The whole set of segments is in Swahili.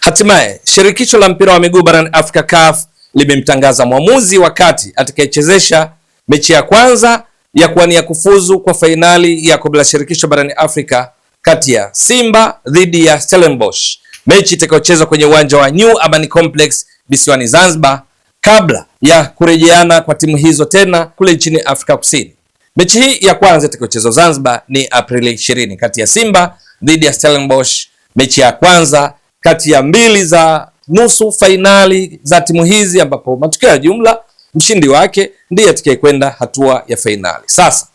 Hatimaye shirikisho la mpira wa miguu barani Afrika CAF limemtangaza mwamuzi wa kati atakayechezesha mechi ya kwanza ya kuwania kufuzu kwa fainali ya kombe la shirikisho barani Afrika kati ya Simba dhidi ya Stellenbosch, mechi itakayochezwa kwenye uwanja wa New Amani Complex visiwani Zanzibar, kabla ya kurejeana kwa timu hizo tena kule nchini Afrika Kusini. Mechi hii ya kwanza itakayochezwa Zanzibar ni Aprili 20 kati ya Simba dhidi ya Stellenbosch, mechi ya kwanza kati ya mbili za nusu fainali za timu hizi, ambapo matokeo ya jumla mshindi wake ndiye atakayekwenda hatua ya fainali. Sasa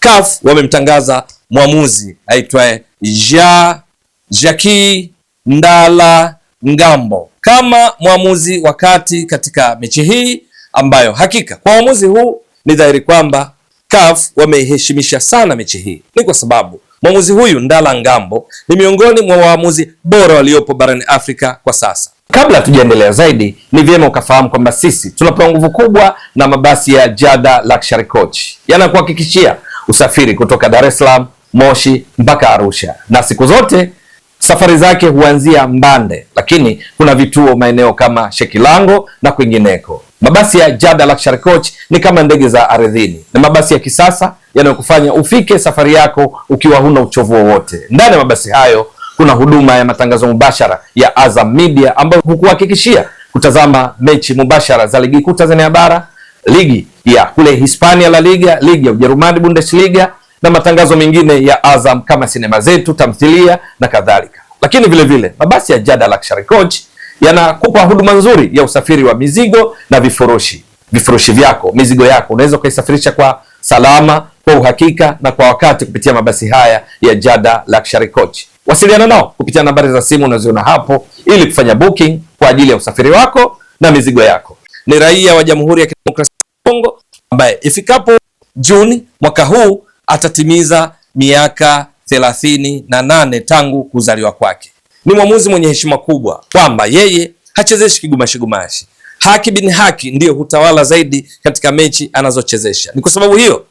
CAF wamemtangaza mwamuzi aitwaye Ja Jaki Ndala Ngambo kama mwamuzi wa kati katika mechi hii ambayo hakika kwa uamuzi huu ni dhahiri kwamba CAF wameiheshimisha sana mechi hii. Ni kwa sababu Mwamuzi huyu Ndala Ngambo ni miongoni mwa waamuzi bora waliopo barani Afrika kwa sasa. Kabla hatujaendelea zaidi, ni vyema ukafahamu kwamba sisi tunapewa nguvu kubwa na mabasi ya Jada Luxury Coach yanakuhakikishia usafiri kutoka Dar es Salaam, Moshi mpaka Arusha, na siku zote safari zake huanzia Mbande, lakini kuna vituo maeneo kama Shekilango na kwingineko. Mabasi ya Jada Luxury Coach ni kama ndege za ardhini, na mabasi ya kisasa yanayokufanya ufike safari yako ukiwa huna uchovu wowote. Ndani ya mabasi hayo kuna huduma ya matangazo mubashara ya Azam Media ambayo hukuhakikishia kutazama mechi mubashara za ligi kuu Tanzania bara, ligi ya kule Hispania La Liga, ligi ya Ujerumani Bundesliga, na matangazo mengine ya Azam kama sinema zetu, tamthilia na kadhalika. Lakini vilevile vile, mabasi ya Jada Luxury Coach yanakupa huduma nzuri ya usafiri wa mizigo na vifurushi vifurushi vyako, mizigo yako unaweza ukaisafirisha kwa salama, kwa uhakika na kwa wakati kupitia mabasi haya ya Jada Luxury Coach. Wasiliana nao kupitia nambari za simu unaziona hapo ili kufanya booking kwa ajili ya usafiri wako na mizigo yako. Ni raia wa Jamhuri ya Kidemokrasia ya Kongo ambaye ifikapo Juni mwaka huu atatimiza miaka thelathini na nane tangu kuzaliwa kwake ni mwamuzi mwenye heshima kubwa, kwamba yeye hachezeshi kigumashi-gumashi. Haki bin haki ndiyo hutawala zaidi katika mechi anazochezesha. Ni kwa sababu hiyo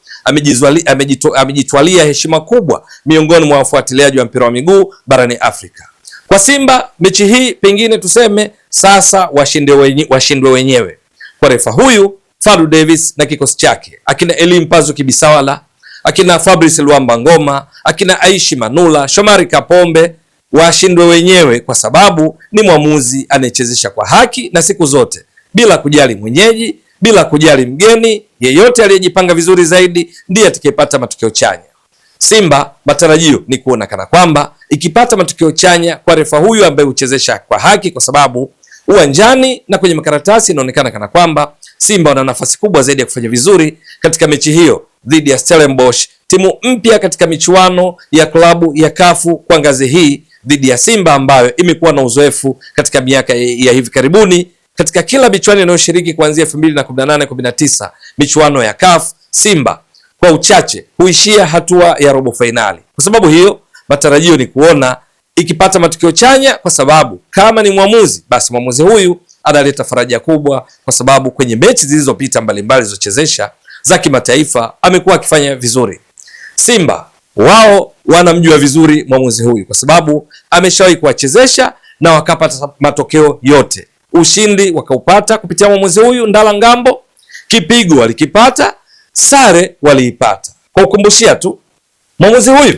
amejitwalia heshima kubwa miongoni mwa wafuatiliaji wa mpira wa miguu barani Afrika. Kwa Simba mechi hii pengine tuseme sasa washindwe wenyewe kwa refa huyu Fadu Davis na kikosi chake, akina Elimpazu Kibisawala, akina Fabrice Luamba Ngoma, akina Aishi Manula, Shomari Kapombe washindwe wenyewe, kwa sababu ni mwamuzi anayechezesha kwa haki na siku zote bila kujali mwenyeji, bila kujali mgeni. Yeyote aliyejipanga vizuri zaidi ndiye atakayepata matokeo chanya. Simba matarajio ni kuona kana kwamba ikipata matokeo chanya kwa refa huyu ambaye huchezesha kwa haki, kwa sababu uwanjani na kwenye makaratasi inaonekana kana kwamba Simba wana nafasi kubwa zaidi ya kufanya vizuri katika mechi hiyo dhidi ya Stellenbosch, timu mpya katika michuano ya klabu ya Kafu kwa ngazi hii dhidi ya Simba ambayo imekuwa na uzoefu katika miaka ya hivi karibuni katika kila michuano inayoshiriki kuanzia 2018 19 michuano ya CAF, Simba kwa uchache huishia hatua ya robo fainali. Kwa sababu hiyo, matarajio ni kuona ikipata matokeo chanya, kwa sababu kama ni mwamuzi, basi mwamuzi huyu analeta faraja kubwa, kwa sababu kwenye mechi zilizopita mbalimbali zilizochezesha za kimataifa amekuwa akifanya vizuri. Simba wao wanamjua vizuri mwamuzi huyu, kwa sababu ameshawahi kuwachezesha na wakapata matokeo yote. Ushindi wakaupata kupitia mwamuzi huyu Ndala Ngambo, kipigo walikipata, sare waliipata. Kwa kukumbushia tu, mwamuzi huyu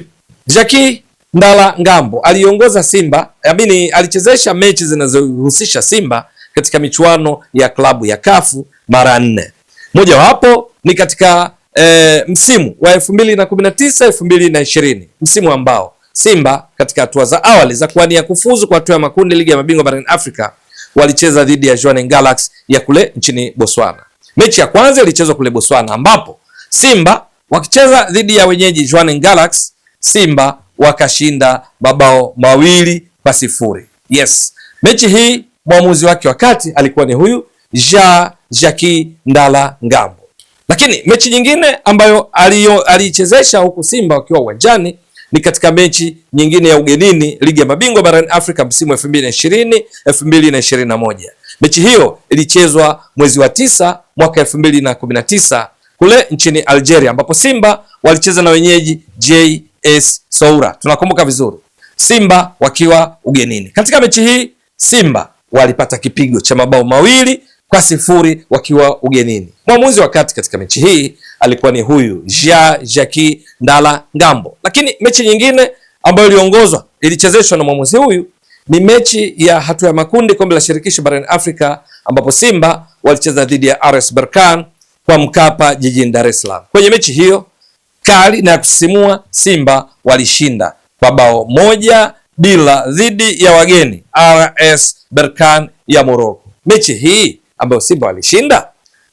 jaki Ndala Ngambo aliongoza Simba, amini alichezesha mechi zinazohusisha Simba katika michuano ya klabu ya Kafu mara nne, mojawapo ni katika e, msimu wa 2019 2020, msimu ambao Simba katika hatua za awali za kuwania kufuzu kwa hatua ya makundi ligi ya mabingwa barani Afrika walicheza dhidi ya Jwaneng Galaxy ya kule nchini Botswana. Mechi ya kwanza ilichezwa kule Botswana ambapo Simba wakicheza dhidi ya wenyeji Jwaneng Galaxy, Simba wakashinda mabao mawili kwa sifuri. Yes. Mechi hii mwamuzi wake wakati alikuwa ni huyu Ja Jackie Ndala Ngambo. Lakini mechi nyingine ambayo aliichezesha huku Simba wakiwa uwanjani ni katika mechi nyingine ya ugenini ligi ya mabingwa barani Afrika msimu 2020 2021. Mechi hiyo ilichezwa mwezi wa tisa mwaka 2019 kule nchini Algeria ambapo Simba walicheza na wenyeji JS Soura. Tunakumbuka vizuri. Simba wakiwa ugenini. Katika mechi hii Simba walipata kipigo cha mabao mawili kwa sifuri wakiwa ugenini. Mwamuzi wa kati katika mechi hii alikuwa ni huyu Jia jaki Ndala Ngambo, lakini mechi nyingine ambayo iliongozwa ilichezeshwa na mwamuzi huyu ni mechi ya hatua ya makundi kombe la shirikisho barani Afrika ambapo Simba walicheza dhidi ya RS Berkane kwa Mkapa jijini Dar es Salaam. Kwenye mechi hiyo kali na ya kusisimua, Simba walishinda kwa bao moja bila dhidi ya wageni RS Berkane ya Morocco. Mechi hii ambayo Simba walishinda.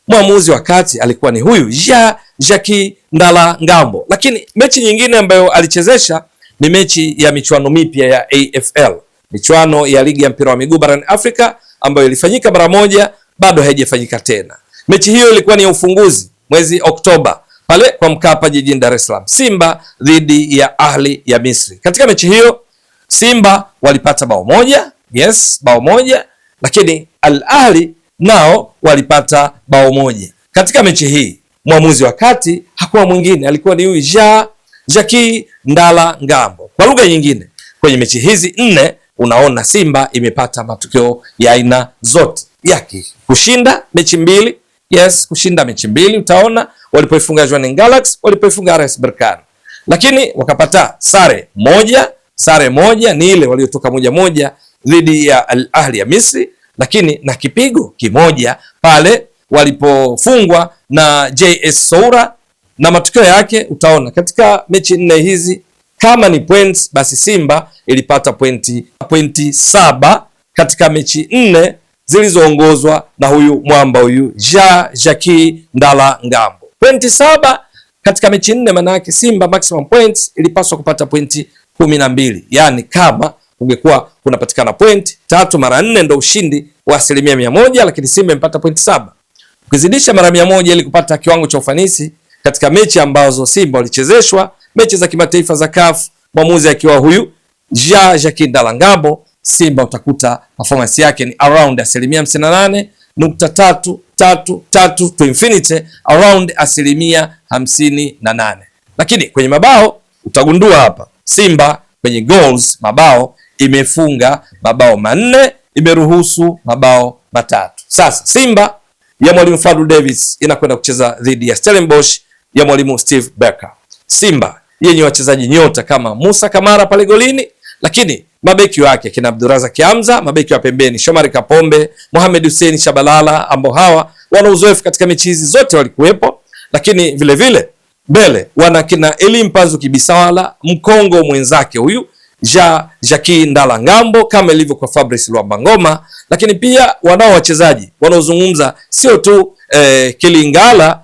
Mwamuzi wa kati alikuwa ni huyu ja Jaki Ndala Ngambo, lakini mechi nyingine ambayo alichezesha ni mechi ya michuano mipya ya AFL, michuano ya ligi ya mpira wa miguu barani Afrika ambayo ilifanyika mara moja, bado haijafanyika tena. Mechi hiyo ilikuwa ni ya ufunguzi mwezi Oktoba pale kwa Mkapa jijini Dar es Salaam, Simba dhidi ya Ahli ya Misri. Katika mechi hiyo Simba walipata bao moja, yes, bao moja, lakini Al Ahli nao walipata bao moja. Katika mechi hii mwamuzi wa kati hakuwa mwingine, alikuwa ni huyu ja Jaki Ndala Ngambo. Kwa lugha nyingine, kwenye mechi hizi nne unaona Simba imepata matokeo ya aina zote yake, kushinda mechi mbili yes, kushinda mechi mbili. Utaona walipoifunga Jwaneng Galaxy, walipoifunga RS Berkane, lakini wakapata sare moja. Sare moja ni ile waliotoka moja moja dhidi ya Al Ahli ya Misri lakini na kipigo kimoja pale walipofungwa na JS Soura, na matokeo yake utaona katika mechi nne hizi kama ni points, basi Simba ilipata pointi, pointi saba katika mechi nne zilizoongozwa na huyu mwamba huyu Ja Jaki Ndala Ngambo, pointi saba katika mechi nne. Maana yake Simba maximum points ilipaswa kupata pointi kumi na mbili, yani kama ungekuwa unapatikana point tatu mara nne ndo ushindi wa asilimia mia moja, lakini Simba imepata point saba. Ukizidisha mara mia moja ili kupata kiwango cha ufanisi katika mechi ambazo Simba walichezeshwa mechi za kimataifa za CAF, mwamuzi akiwa huyu Ja Jacques Dalangabo, Simba utakuta performance yake ni around asilimia hamsini na nane nukta tatu tatu tatu to infinity around asilimia hamsini na nane lakini kwenye mabao utagundua hapa Simba kwenye goals mabao imefunga mabao manne, imeruhusu mabao matatu. Sasa Simba ya mwalimu Fadlu Davis inakwenda kucheza dhidi ya Stellenbosch ya mwalimu Steve Barker. Simba yenye wachezaji nyota kama Musa Kamara pale golini, lakini mabeki wake kina Abdurazak Kiamza, mabeki wa pembeni Shomari Kapombe, Mohamed Hussein Shabalala, ambao hawa wana uzoefu katika mechi hizi zote walikuwepo, lakini vilevile mbele wana kina Elim Kibisawala, mkongo mwenzake huyu ja Jackie Ndala Ngambo kama ilivyo kwa Fabrice Lwambangoma, lakini pia wanao wachezaji wanaozungumza sio tu eh, Kilingala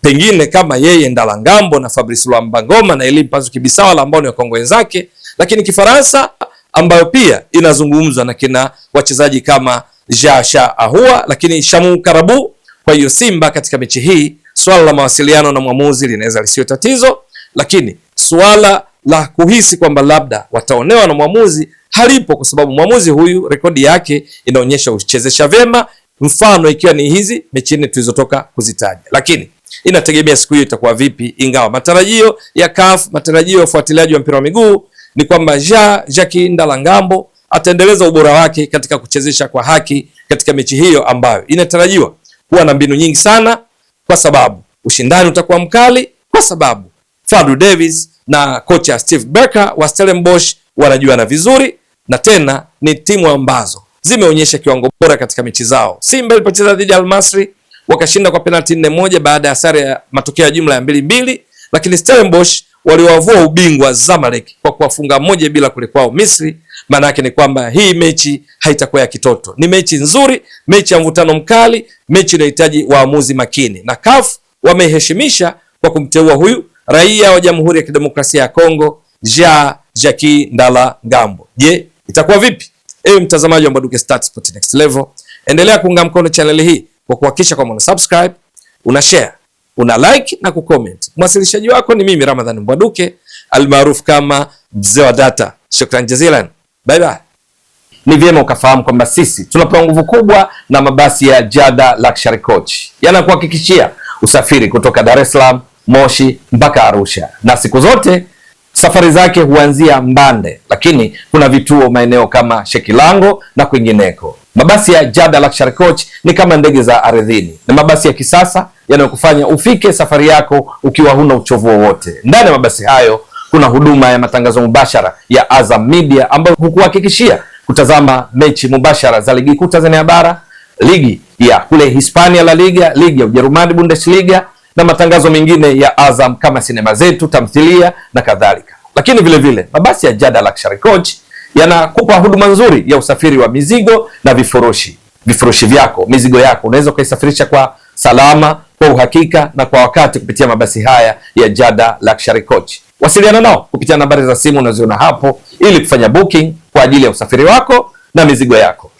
pengine kama yeye Ndala Ngambo na Fabrice Lwambangoma na Elie Mpanzu Kibisawa ambao ni wakongo wenzake, lakini Kifaransa ambayo pia inazungumzwa na kina wachezaji kama Jasha Ahua lakini Shamu Karabu. Kwa hiyo Simba katika mechi hii, swala la mawasiliano na mwamuzi linaweza lisiwe tatizo, lakini swala la kuhisi kwamba labda wataonewa na mwamuzi halipo, kwa sababu mwamuzi huyu rekodi yake inaonyesha uchezesha vyema, mfano ikiwa ni hizi mechi nne tulizotoka kuzitaja, lakini inategemea siku hiyo itakuwa vipi, ingawa matarajio ya CAF, matarajio ya ufuatiliaji wa mpira wa miguu ni kwamba ja Jacques Ndalangambo ataendeleza ubora wake katika kuchezesha kwa haki katika mechi hiyo ambayo inatarajiwa kuwa na mbinu nyingi sana, kwa sababu ushindani utakuwa mkali, kwa sababu Fadlu Davis na kocha Steve Barker wa Stellenbosch wanajuana vizuri na tena ni timu ambazo zimeonyesha kiwango bora katika mechi zao. Simba ilipocheza dhidi ya Almasri wakashinda kwa penalti nne moja baada ya sare ya matokeo ya jumla ya mbili mbili, lakini Stellenbosch waliwavua ubingwa Zamalek kwa kuwafunga moja bila kule kwao Misri. Maana yake ni kwamba hii mechi haitakuwa ya kitoto, ni mechi nzuri, mechi ya mvutano mkali, mechi inayohitaji waamuzi makini, na CAF wameheshimisha kwa kumteua huyu raia wa Jamhuri ya Kidemokrasia ya Kongo Jean jaki Ndala Gambo. Je, itakuwa vipi? Ewe mtazamaji wa Mbwaduke Stats Sport Next Level, endelea kuunga mkono chaneli hii kwa kuhakikisha kwamba una subscribe, una share, una like na kucomment. Mwasilishaji wako ni mimi Ramadhan Mbwaduke almaarufu kama mzee wa data. Shukran jazilan, bye bye. Ni vyema ukafahamu kwamba sisi tunapewa nguvu kubwa na mabasi ya Jada Luxury Coach yanakuhakikishia usafiri kutoka Dar es Salaam Moshi mpaka Arusha, na siku zote safari zake huanzia Mbande, lakini kuna vituo maeneo kama Shekilango na kwingineko. Mabasi ya Jada Luxury Coach ni kama ndege za ardhini, na mabasi ya kisasa yanayokufanya ufike safari yako ukiwa huna uchovu wowote. Ndani ya mabasi hayo kuna huduma ya matangazo mubashara ya Azam Media ambayo hukuhakikishia kutazama mechi mubashara za ligi kuu Tanzania bara, ligi ya kule Hispania La Liga, ligi ya Ujerumani Bundesliga na matangazo mengine ya Azam kama sinema zetu, tamthilia na kadhalika. Lakini vile vile mabasi ya Jada Luxury Coach yanakupa huduma nzuri ya usafiri wa mizigo na vifurushi. Vifurushi vyako, mizigo yako unaweza ukaisafirisha kwa salama, kwa uhakika na kwa wakati kupitia mabasi haya ya Jada Luxury Coach. Wasiliana nao kupitia nambari za simu unaziona hapo ili kufanya booking kwa ajili ya usafiri wako na mizigo yako.